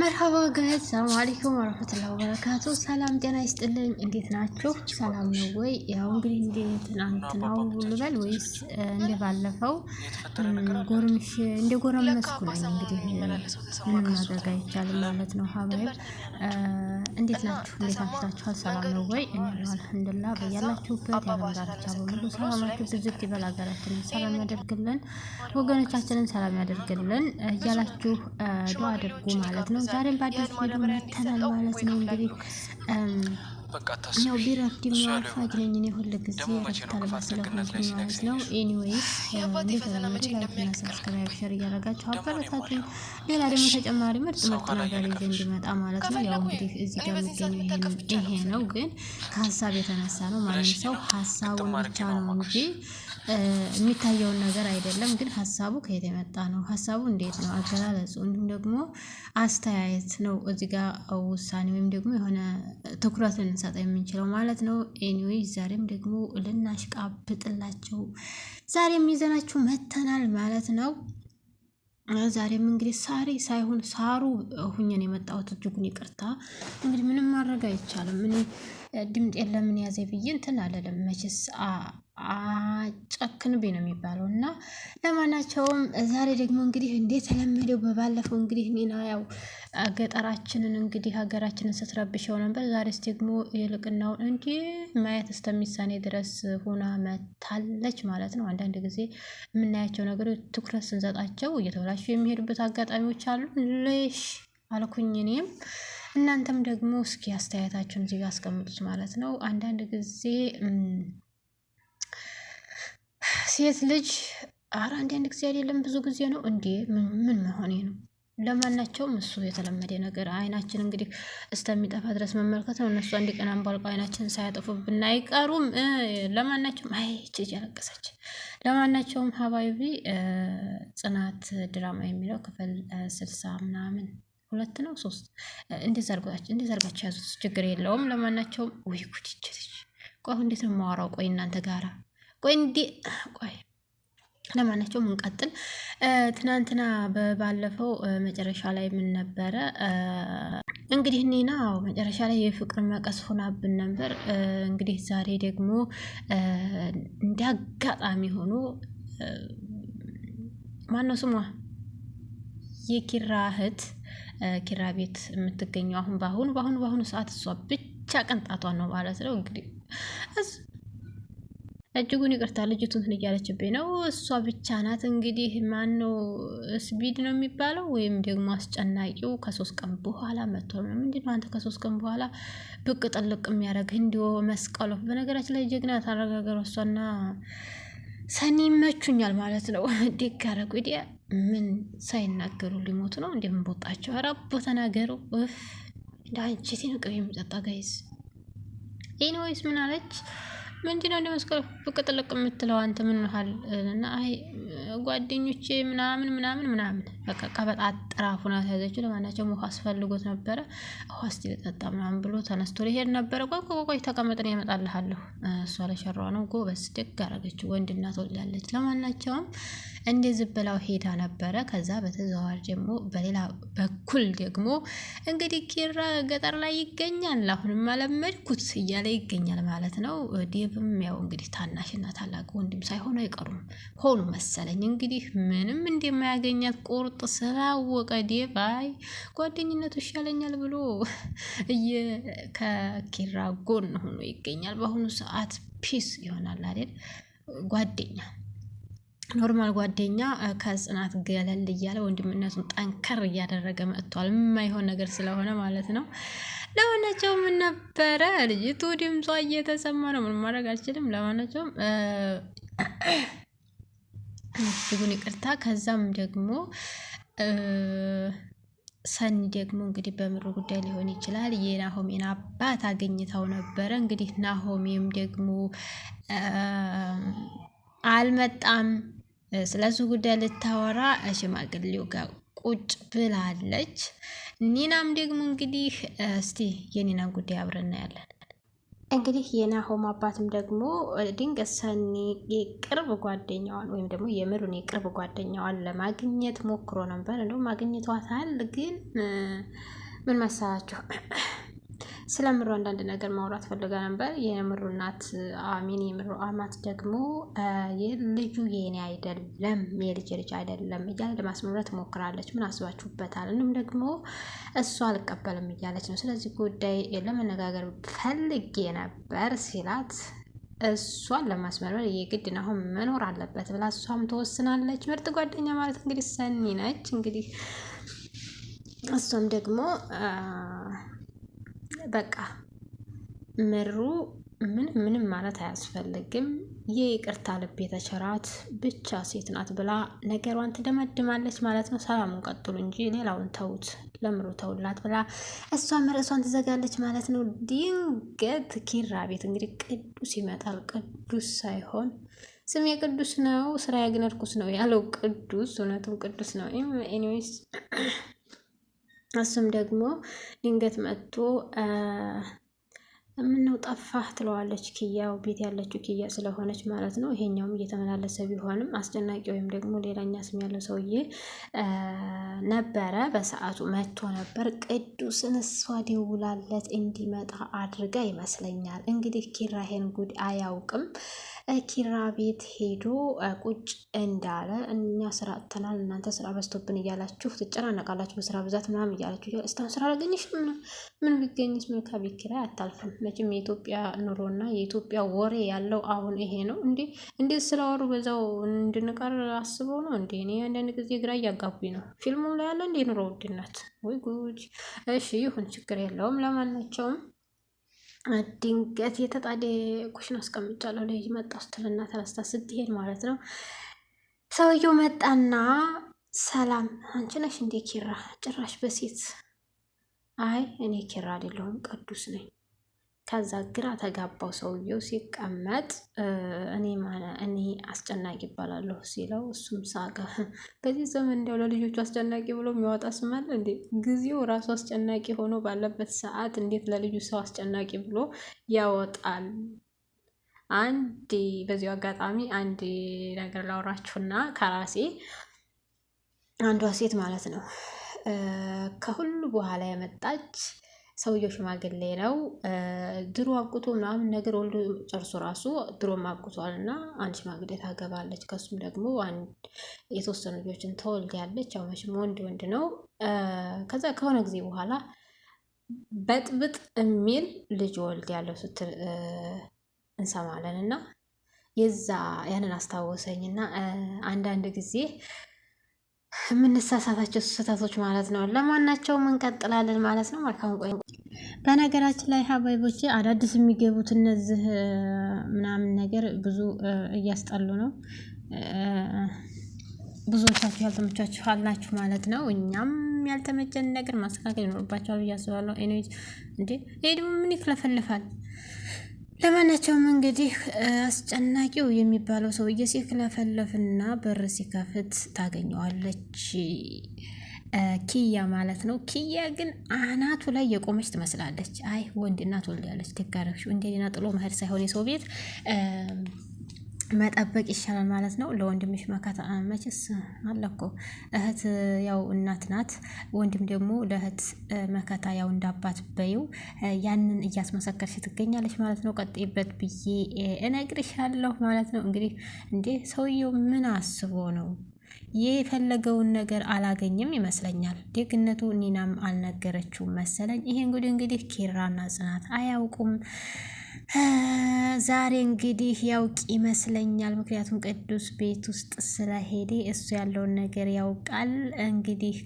መርሃባ ጋይዝ ሰላም አለይኩም ወረህመቱላሂ ወበረካቱ። ሰላም ጤና ይስጥልኝ። እንዴት ናችሁ? ሰላም ነው ወይ? ያው እንግዲህ እንደ ትናንትናው ልበል ወይስ እንደ ባለፈው ጎርምሽ እንደ ጎረመስኩ ነኝ። እንግዲህ ምንም ማድረግ አይቻልም ማለት ነው። ሀባይብ እንዴት ናችሁ? እንዴት አምሽታችኋል? ሰላም ነው ወይ? እኔ አልሐምዱሊላህ። በያላችሁበት የዓለም ዳርቻ በሙሉ ሰላማችሁ ብዝት ይበል። ሀገራችንን ሰላም ያደርግልን፣ ወገኖቻችንን ሰላም ያደርግልን እያላችሁ ዱዓ አድርጉ ማለት ነው። ነው። ዛሬም በአዲስ ቪዲዮ መተናል ማለት ነው። እንግዲህ ያው ቢረፍድም አፋጅ ነኝ እኔ ሁል ጊዜ ረፍት አልባ ማለት ነው። ኤኒዌይስ እንደተለመደ ላይክና ሰብስክራይብ ሸር እያደረጋችሁ አበረታቱኝ። ሌላ ደግሞ ተጨማሪ ምርጥ ምርጥ ነገር ይዤ እንዲመጣ ማለት ነው። ያው እንግዲህ እዚህ ጋር የሚገኘው ይሄ ነው፣ ግን ከሀሳብ የተነሳ ነው። ማንም ሰው ሀሳቡን ብቻ ነው እንጂ የሚታየውን ነገር አይደለም። ግን ሀሳቡ ከየት የመጣ ነው? ሀሳቡ እንዴት ነው? አገላለጹ እንዲሁም ደግሞ አስተያየት ነው። እዚህ ጋር ውሳኔ ወይም ደግሞ የሆነ ትኩረት ልንሰጠው የምንችለው ማለት ነው። ኤኒዌይ ዛሬም ደግሞ ልናሽቃብጥላቸው ዛሬም ይዘናችሁ መተናል ማለት ነው። ዛሬም እንግዲህ ሳሪ ሳይሆን ሳሩ ሁኘን የመጣሁት እጅጉን ይቅርታ። እንግዲህ ምንም ማድረግ አይቻልም። እኔ ድምጤን ለምን ያዘ ብዬ እንትን አለለም መችስ ብ ነው የሚባለው። እና ለማናቸውም ዛሬ ደግሞ እንግዲህ እንደተለመደው በባለፈው እንግዲህ እኔና ያው ገጠራችንን እንግዲህ ሀገራችንን ስትረብሸው ነበር። ዛሬስ ደግሞ የልቅናውን እንዲህ ማየት እስከሚሳኔ ድረስ ሆና መታለች ማለት ነው። አንዳንድ ጊዜ የምናያቸው ነገሮች ትኩረት ስንሰጣቸው እየተበላሹ የሚሄዱበት አጋጣሚዎች አሉ። ልሽ አልኩኝ እኔም እናንተም ደግሞ እስኪ አስተያየታችሁን እዚህ አስቀምጡት ማለት ነው። አንዳንድ ጊዜ ሴት ልጅ አረ አንዳንድ ጊዜ አይደለም ብዙ ጊዜ ነው እንዴ! ምን መሆኔ ነው? ለማናቸውም እሱ የተለመደ ነገር አይናችን እንግዲህ እስከሚጠፋ ድረስ መመልከት ነው። እነሱ አንድ ቀን አንባልቆ አይናችንን ሳያጠፉ ብናይቀሩም ለማናቸውም አይ ችጅ ያለቀሰች። ለማናቸውም ሀባይቢ ጽናት ድራማ የሚለው ክፍል ስልሳ ምናምን ሁለት ነው ሶስት እንዴት ዘርጋቸው ያዙት ችግር የለውም። ለማናቸውም ውይ ጉድ ይችልች ቆይ እንዴት ነው የማወራው? ቆይ እናንተ ጋራ ቆይ እንዲ ቆይ ለማናቸው ምንቀጥል ትናንትና በባለፈው መጨረሻ ላይ ምን ነበረ እንግዲህ እኔና መጨረሻ ላይ የፍቅር መቀስ ሆናብን ነበር። እንግዲህ ዛሬ ደግሞ እንደ አጋጣሚ ሆኖ ማነው ስሟ የኪራ እህት ኪራ ቤት የምትገኘው አሁን በአሁኑ በአሁኑ በአሁኑ ሰዓት እሷ ብቻ ቅንጣቷ ነው ማለት ነው እንግዲህ እጅጉን ይቅርታ ልጅቱ እንትን እያለችብኝ ነው። እሷ ብቻ ናት እንግዲህ ማነው ስቢድ ነው የሚባለው ወይም ደግሞ አስጨናቂው ከሶስት ቀን በኋላ መጥቶ ነው። ምንድን ነው አንተ ከሶስት ቀን በኋላ ብቅ ጥልቅ የሚያደርግ እንዲሁ መስቀሉ። በነገራችን ላይ ጀግና ታረጋገረ እሷና ሰኒ ይመቹኛል ማለት ነው። ዴግ ያረጉ ዲ ምን ሳይናገሩ ሊሞቱ ነው። እንዲ ምንቦጣቸው ረቦ ተናገሩ። እንደ አንቺቴ ነው የሚጠጣ ጋይዝ። ኤኒዌይስ ምን አለች? ነው እንደ መስቀል ብቅ ጥልቅ የምትለው አንተ ምን ሆነሃል? እና አይ ጓደኞቼ ምናምን ምናምን ምናምን በቃ ቀበጣ አጠራፉን አስያዘችው። ለማናቸውም ውሃ አስፈልጎት ነበረ ውሃ እስቲ ልጠጣ ምናምን ብሎ ተነስቶ ሊሄድ ነበረ። ቆይ ቆይ ቆይ ተቀመጥን ያመጣልሃለሁ። እሷ ለሸሯ ነው ጎበዝ፣ ደግ አረገችው። ወንድና ትወልዳለች። ለማናቸውም እንደዚህ ብላው ሄዳ ነበረ። ከዛ በተዘዋዋሪ ደግሞ በሌላ በኩል ደግሞ እንግዲህ ኪራ ገጠር ላይ ይገኛል። አሁንም አለመድኩት እያለ ይገኛል ማለት ነው። ዴብም ያው እንግዲህ ታናሽና ታላቅ ወንድም ሳይሆኑ አይቀሩም ሆኑ መሰለኝ። እንግዲህ ምንም እንደማያገኛት ቁርጥ ስላወቀ ዴብ አይ ጓደኝነቱ ይሻለኛል ብሎ ከኪራ ጎን ሆኖ ይገኛል በአሁኑ ሰዓት ፒስ ይሆናል አይደል ጓደኛ ኖርማል ጓደኛ ከጽናት ገለል እያለ ወንድምነቱን ጠንከር እያደረገ መጥቷል። የማይሆን ነገር ስለሆነ ማለት ነው። ለማናቸውም ነበረ ልጅቱ ድምጿ እየተሰማ ነው። ምን ማድረግ አልችልም። ለማናቸውም እጅጉን ይቅርታ። ከዛም ደግሞ ሰኒ ደግሞ እንግዲህ በምሩ ጉዳይ ሊሆን ይችላል የናሆሜን አባት አገኝታው ነበረ። እንግዲህ ናሆሜም ደግሞ አልመጣም ስለዚህ ጉዳይ ልታወራ ሽማግሌው ጋር ቁጭ ብላለች። ኒናም ደግሞ እንግዲህ እስቲ የኒና ጉዳይ አብረን እናያለን። እንግዲህ የናሆም አባትም ደግሞ ድንገት ሰኒ የቅርብ ጓደኛዋን ወይም ደግሞ የምሩን የቅርብ ጓደኛዋን ለማግኘት ሞክሮ ነበር። እንደውም ማግኘቷታል፣ ግን ምን መሰላችሁ ስለ ምሮ አንዳንድ ነገር ማውራት ፈልጋ ነበር። የምሩ እናት አሚን የምሮ አማት ደግሞ ልጁ የኔ አይደለም የልጅ ልጅ አይደለም እያለ ለማስመረት ትሞክራለች። ምን አስባችሁበታል? እንዲሁም ደግሞ እሱ አልቀበልም እያለች ነው። ስለዚህ ጉዳይ ለመነጋገር ፈልጌ ነበር ሲላት እሷን ለማስመርመር የግድ አሁን መኖር አለበት ብላ እሷም ተወስናለች። ምርጥ ጓደኛ ማለት እንግዲህ ሰኒ ነች። እንግዲህ እሷም ደግሞ በቃ ምሩ ምንም ምንም ማለት አያስፈልግም የይቅርታ ልብ የተቸራት ብቻ ሴት ናት ብላ ነገሯን ትደመድማለች ማለት ነው። ሰላሙን ቀጥሉ እንጂ ሌላውን ተውት፣ ለምሩ ተውላት ብላ እሷም ርዕሷን ትዘጋለች ማለት ነው። ድንገት ኪራ ቤት እንግዲህ ቅዱስ ይመጣል። ቅዱስ ሳይሆን ስም ቅዱስ ነው፣ ስራ ያግነርኩስ ነው ያለው ቅዱስ እውነቱም ቅዱስ ነው። ኤኒዌይስ እሱም ደግሞ ድንገት መጥቶ ምነው ጠፋህ ትለዋለች ክያው ቤት ያለችው ክያ ስለሆነች ማለት ነው። ይሄኛውም እየተመላለሰ ቢሆንም አስጨናቂ ወይም ደግሞ ሌላኛ ስም ያለው ሰውዬ ነበረ በሰዓቱ መጥቶ ነበር። ቅዱስን እሷ ደውላለት እንዲመጣ አድርጋ ይመስለኛል። እንግዲህ ኪራ ይሄን ጉድ አያውቅም። ኪራ ቤት ሄዶ ቁጭ እንዳለ እኛ ስራ አጥተናል፣ እናንተ ስራ በዝቶብን እያላችሁ ትጨናነቃላችሁ፣ በስራ ብዛት ምናምን እያላችሁ እስካሁን ስራ አላገኘሽም? ምን ቢገኝስ? ምን ከቤት ኪራይ አታልፍም መቼም የኢትዮጵያ ኑሮና የኢትዮጵያ ወሬ ያለው አሁን ይሄ ነው እንዲ እንዴት ስለወሩ በዛው እንድንቀር አስበው ነው እንዴ? እኔ አንዳንድ ጊዜ ግራ እያጋቡኝ ነው። ፊልሙ ላይ ያለ እንዴ ኑሮ ውድነት! ወይ ጉጅ። እሺ ይሁን፣ ችግር የለውም። ለማናቸውም ድንገት የተጣደ ኩሽን አስቀምጫለሁ ላይ መጣ ስትልና ተነስታ ስትሄድ ማለት ነው ሰውየው መጣና ሰላም አንቺ ነሽ እንዴ ኪራ? ጭራሽ በሴት አይ እኔ ኪራ አይደለሁም ቅዱስ ነኝ። ከዛ ግራ ተጋባው ሰውየው ሲቀመጥ እኔ እኔ አስጨናቂ ይባላለሁ ሲለው እሱም ሳቀ። በዚህ ዘመን እንዲያው ለልጆቹ አስጨናቂ ብሎ የሚያወጣ ስም አለ እንዴ? ጊዜው ራሱ አስጨናቂ ሆኖ ባለበት ሰዓት እንዴት ለልጁ ሰው አስጨናቂ ብሎ ያወጣል? አንድ በዚሁ አጋጣሚ አንድ ነገር ላውራችሁና ከራሴ አንዷ ሴት ማለት ነው ከሁሉ በኋላ የመጣች ሰውየው ሽማግሌ ነው። ድሮ አቁቶ ምናምን ነገር ወልዶ ጨርሶ ራሱ ድሮም አብቁቷል እና አንድ ሽማግሌ ታገባለች። ከሱም ደግሞ የተወሰኑ ልጆችን ተወልድ ያለች ያው መቼም ወንድ ወንድ ነው። ከዛ ከሆነ ጊዜ በኋላ በጥብጥ የሚል ልጅ ወልድ ያለው ስትል እንሰማለን እና የዛ ያንን አስታወሰኝ እና አንዳንድ ጊዜ የምንሳሳታቸው ስህተቶች ማለት ነው። ለማናቸውም እንቀጥላለን ማለት ነው። መልካም ቆይ። በነገራችን ላይ ሀባይቦች አዳዲስ የሚገቡት እነዚህ ምናምን ነገር ብዙ እያስጠሉ ነው። ብዙዎቻችሁ ያልተመቻችሁ አላችሁ ማለት ነው። እኛም ያልተመቸን ነገር ማስተካከል ይኖርባቸዋል ብዬ አስባለሁ። እንዴ ይሄ ደግሞ ምን ይክለፈልፋል? ለማናቸውም እንግዲህ አስጨናቂው የሚባለው ሰውዬ ሲክለፈለፍና በር ሲከፍት ታገኘዋለች። ኪያ ማለት ነው። ኪያ ግን አናቱ ላይ የቆመች ትመስላለች። አይ ወንድ እናት ወልዳለች። ደጋረሽ ወንድ ጥሎ መሄድ ሳይሆን የሰው ቤት መጠበቅ ይሻላል ማለት ነው። ለወንድምሽ መከታ መችስ አለ እኮ እህት ያው እናት ናት፣ ወንድም ደግሞ ለእህት መከታ ያው እንዳባት በይው። ያንን እያስመሰከርሽ ትገኛለች ማለት ነው። ቀጥይበት ብዬ እነግርሻለሁ ማለት ነው። እንግዲህ እንዴ ሰውየው ምን አስቦ ነው የፈለገውን ነገር አላገኘም ይመስለኛል። ደግነቱ ኒናም አልነገረችውም መሰለኝ። ይሄ እንግዲህ እንግዲህ ኪራና ጽናት አያውቁም። ዛሬ እንግዲህ ያውቅ ይመስለኛል። ምክንያቱም ቅዱስ ቤት ውስጥ ስለሄደ እሱ ያለውን ነገር ያውቃል። እንግዲህ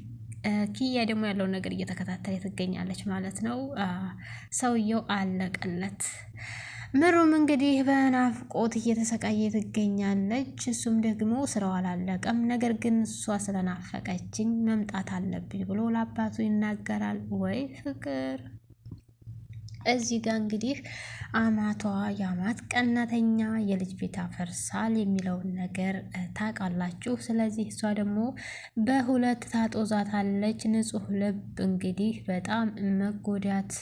ኪያ ደግሞ ያለውን ነገር እየተከታተለ ትገኛለች ማለት ነው። ሰውየው አለቀለት። ምሩም እንግዲህ በናፍቆት እየተሰቃየ ትገኛለች። እሱም ደግሞ ስራው አላለቀም። ነገር ግን እሷ ስለናፈቀችኝ መምጣት አለብኝ ብሎ ለአባቱ ይናገራል። ወይ ፍቅር እዚህ ጋር እንግዲህ አማቷ የአማት ቀናተኛ የልጅ ቤት አፈርሳል የሚለውን ነገር ታውቃላችሁ። ስለዚህ እሷ ደግሞ በሁለት ታጦዛታለች። ንጹህ ልብ እንግዲህ በጣም መጎዳት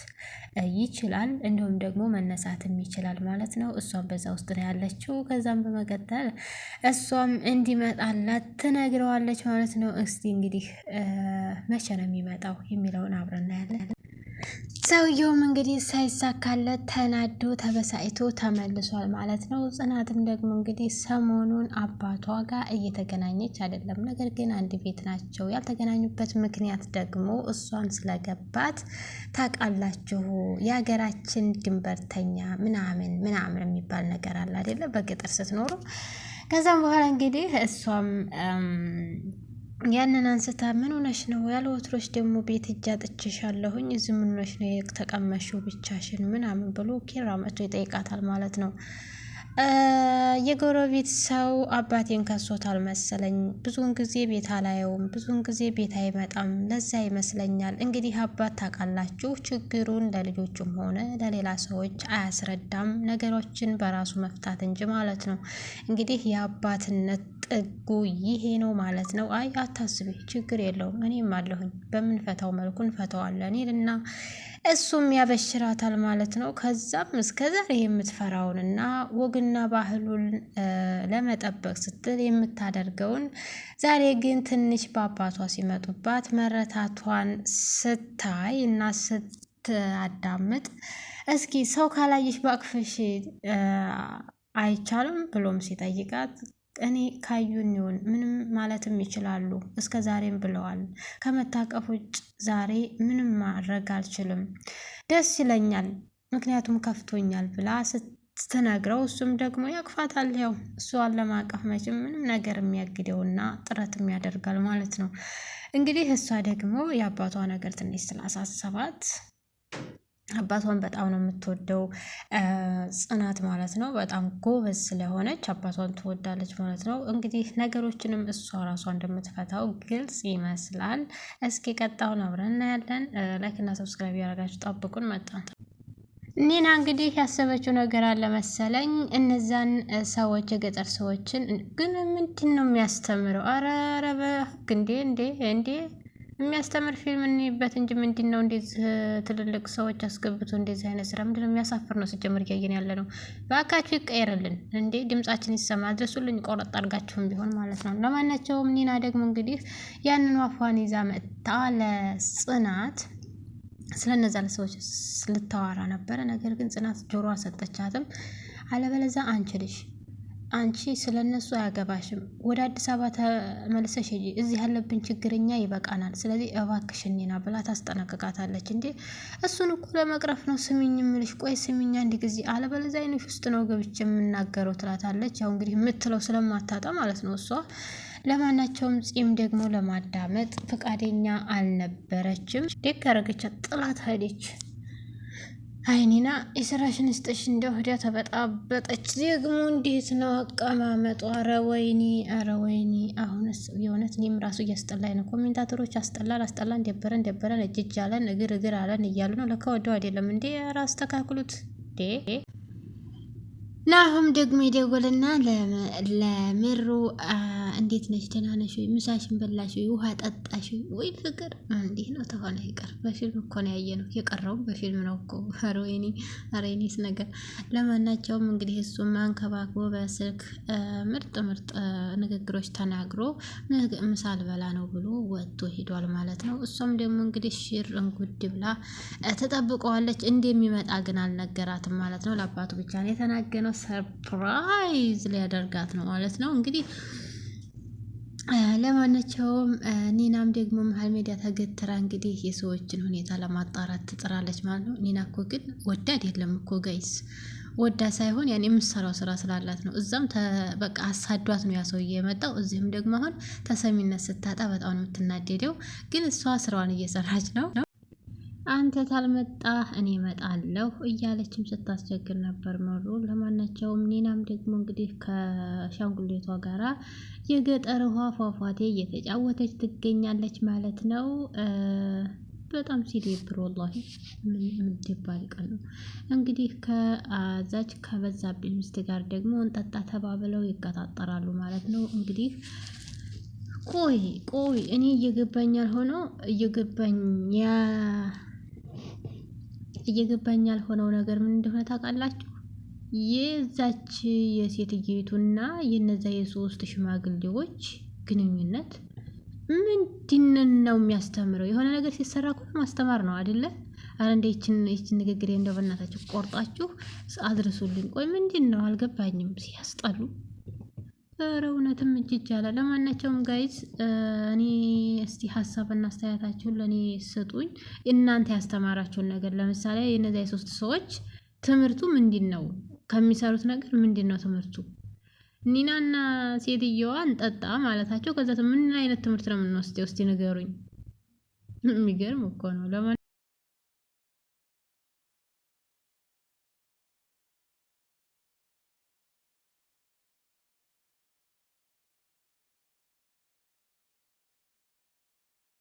ይችላል፣ እንዲሁም ደግሞ መነሳትም ይችላል ማለት ነው። እሷም በዛ ውስጥ ነው ያለችው። ከዛም በመቀጠል እሷም እንዲመጣላት ትነግረዋለች ማለት ነው። እስቲ እንግዲህ መቼ ነው የሚመጣው የሚለውን አብረን ያለን። ሰውየውም እንግዲህ ሳይሳካለት ተናዶ ተበሳጭቶ ተመልሷል ማለት ነው። ጽናትም ደግሞ እንግዲህ ሰሞኑን አባቷ ጋር እየተገናኘች አይደለም። ነገር ግን አንድ ቤት ናቸው። ያልተገናኙበት ምክንያት ደግሞ እሷን ስለገባት ታውቃላችሁ፣ የሀገራችን ድንበርተኛ ምናምን ምናምን የሚባል ነገር አለ አይደለ? በገጠር ስትኖሩ ከዛም በኋላ እንግዲህ እሷም ያንን አንስታ ምን ሆነሽ ነው ያለ ወትሮች ደግሞ ቤት እጅ አጥቼሻለሁኝ እዚህ ምን ሆነሽ ነው የተቀመሽው ብቻሽን ምናምን ብሎ ኪራ መጥቶ ይጠይቃታል ማለት ነው። የጎረቤት ሰው አባቴን ከሶታል መሰለኝ። ብዙውን ጊዜ ቤት አላየውም፣ ብዙውን ጊዜ ቤት አይመጣም። ለዛ ይመስለኛል እንግዲህ አባት ታውቃላችሁ፣ ችግሩን ለልጆችም ሆነ ለሌላ ሰዎች አያስረዳም። ነገሮችን በራሱ መፍታት እንጂ ማለት ነው። እንግዲህ የአባትነት ጥጉ ይሄ ነው ማለት ነው። አይ አታስቢ፣ ችግር የለውም እኔም አለሁኝ፣ በምንፈታው መልኩ እንፈታዋለን ይልና እሱም ያበሽራታል ማለት ነው። ከዛም እስከ ዛሬ የምትፈራውንና ወግና ባህሉን ለመጠበቅ ስትል የምታደርገውን ዛሬ ግን ትንሽ በአባቷ ሲመጡባት መረታቷን ስታይ እና ስትአዳምጥ እስኪ ሰው ካላየሽ በአቅፍሽ አይቻልም ብሎም ሲጠይቃት ቅኔ ካዩን ይሁን ምንም ማለትም ይችላሉ። እስከ ዛሬም ብለዋል። ከመታቀፍ ውጭ ዛሬ ምንም ማድረግ አልችልም፣ ደስ ይለኛል፣ ምክንያቱም ከፍቶኛል ብላ ስትነግረው እሱም ደግሞ ያቅፋታል። ያው እሷን ለማቀፍ መቼም ምንም ነገር የሚያግደውና ጥረትም ያደርጋል ማለት ነው። እንግዲህ እሷ ደግሞ የአባቷ ነገር ትንሽ ስላሳሰባት አባቷን በጣም ነው የምትወደው ጽናት ማለት ነው። በጣም ጎበዝ ስለሆነች አባቷን ትወዳለች ማለት ነው። እንግዲህ ነገሮችንም እሷ ራሷ እንደምትፈታው ግልጽ ይመስላል። እስኪ ቀጣውን አብረን እናያለን። ላይክና ሰብስክራይብ ያደረጋችሁ ጠብቁን። መጣን ኒና እንግዲህ ያሰበችው ነገር አለ መሰለኝ። እነዛን ሰዎች የገጠር ሰዎችን ግን ምንድን ነው የሚያስተምረው? አረ ረበ እንዴ እንዴ እንዴ የሚያስተምር ፊልም እንይበት እንጂ ምንድን ነው እንደዚህ ትልልቅ ሰዎች አስገብቶ እንደዚህ አይነት ስራ ምንድን ነው? የሚያሳፍር ነው። ስጀምር እያየን ያለ ነው። በአካችሁ ይቀየርልን እንዴ! ድምጻችን ይሰማ። አድረሱልኝ፣ ቆረጥ አድርጋችሁም ቢሆን ማለት ነው። ለማናቸውም ኒና ደግሞ እንግዲህ ያንን አፏን ይዛ መጥታ ለጽናት ስለነዛ ለሰዎች ልታዋራ ነበረ። ነገር ግን ጽናት ጆሮ አልሰጠቻትም። አለበለዛ አንችልሽ አንቺ ስለ እነሱ አያገባሽም። ወደ አዲስ አበባ ተመልሰሽ ሂጂ። እዚህ ያለብን ችግርኛ ይበቃናል። ስለዚህ እባክሽኒና ብላ ታስጠነቅቃታለች። እንዴ እሱን እኮ ለመቅረፍ ነው። ስሚኝ ምልሽ። ቆይ ስሚኝ አንድ ጊዜ፣ አለበለዚያ አይንሽ ውስጥ ነው ገብቼ የምናገረው ትላታለች። ያው እንግዲህ የምትለው ስለማታጣ ማለት ነው እሷ ለማናቸውም ጺም ደግሞ ለማዳመጥ ፈቃደኛ አልነበረችም። ደግ አረገቻት፣ ጥላት ሄደች። አይኒና የስራሽን ስጠሽ እንደው ሂዳ ተበጣበጠች። ደግሞ እንዴት ነው አቀማመጡ? አረ ወይኒ፣ አረ ወይኒ። አሁንስ የእውነት እኔም ራሱ እያስጠላኝ ነው። ኮሜንታተሮች አስጠላን፣ አስጠላን፣ ደበረን፣ ደበረን፣ እጅ አለን፣ እግር እግር አለን እያሉ ነው። ለካ አይደለም እንዴ? ራስ ተካክሉት እንዴ! ናሁም ደግሞ ይደውልና ለምሩ እንዴት ነሽ? ደህና ነሽ ወይ? ምሳሽን በላሽ ወይ? ውሃ ጠጣሽ ወይ? ፍቅር እንዲህ ነው ተሆነ ይቀር። በፊልም እኮ ነው ያየ ነው የቀረው በፊልም ነው እኮ። ኧረ ወይኔ፣ ኧረ የኔስ ነገር። ለማናቸውም እንግዲህ እሱ ማንከባክቦ በስልክ ምርጥ ምርጥ ንግግሮች ተናግሮ ምሳ ልበላ ነው ብሎ ወጥቶ ሂዷል ማለት ነው። እሷም ደግሞ እንግዲህ ሽር እንጉድ ብላ ተጠብቀዋለች። እንደሚመጣ ግን አልነገራትም ማለት ነው። ለአባቱ ብቻ ነው የተናገነው። ሰርፕራይዝ ሊያደርጋት ነው ማለት ነው እንግዲህ ለማናቸውም ኒናም ደግሞ መሀል ሜዳ ተገትራ እንግዲህ የሰዎችን ሁኔታ ለማጣራት ትጥራለች ማለት ነው። ኒና እኮ ግን ወዳ አይደለም እኮ ጋይስ፣ ወዳ ሳይሆን ያን የምትሰራው ስራ ስላላት ነው። እዛም በቃ አሳዷት ነው ያ የመጣው። እዚህም ደግሞ አሁን ተሰሚነት ስታጣ በጣም ነው የምትናደደው። ግን እሷ ስራዋን እየሰራች ነው። አንተ ታልመጣ እኔ እመጣለሁ እያለችም ስታስቸግር ነበር መሩ። ለማናቸውም ኒናም ደግሞ እንግዲህ ከሻንጉሌቷ ጋራ የገጠር ውሃ ፏፏቴ እየተጫወተች ትገኛለች ማለት ነው። በጣም ሲደብር ወላሂ ምድባል ቀን ነው እንግዲህ። ከዛች ከበዛብኝ ሚስት ጋር ደግሞ እንጠጣ ተባብለው ይቀጣጠራሉ ማለት ነው እንግዲህ ቆይ ቆይ እኔ እየገባኝ ያልሆነው እየገባኝ ያ እየገባኝ ያልሆነው ነገር ምን እንደሆነ ታውቃላችሁ? የዛች የሴትየቱና የነዛ የሶስት ሽማግሌዎች ግንኙነት ምንድን ነው የሚያስተምረው? የሆነ ነገር ሲሰራ እኮ ማስተማር ነው አይደለ? አረ እንደ ይችን ንግግር እንደው በእናታችሁ ቆርጣችሁ አድርሱልኝ። ቆይ ምንድን ነው አልገባኝም። ሲያስጠሉ ኧረ እውነትም እጅ ይቻላል። ለማናቸውም ጋይዝ እኔ እስቲ ሀሳብና አስተያየታችሁን ለእኔ ስጡኝ። እናንተ ያስተማራችሁን ነገር ለምሳሌ የነዚያ የሶስት ሰዎች ትምህርቱ ምንድን ነው? ከሚሰሩት ነገር ምንድን ነው ትምህርቱ? ኒናና ሴትየዋ እንጠጣ ማለታቸው ከዛ ምን አይነት ትምህርት ነው የምንወስደው? እስቲ ንገሩኝ። የሚገርም እኮ ነው ለማ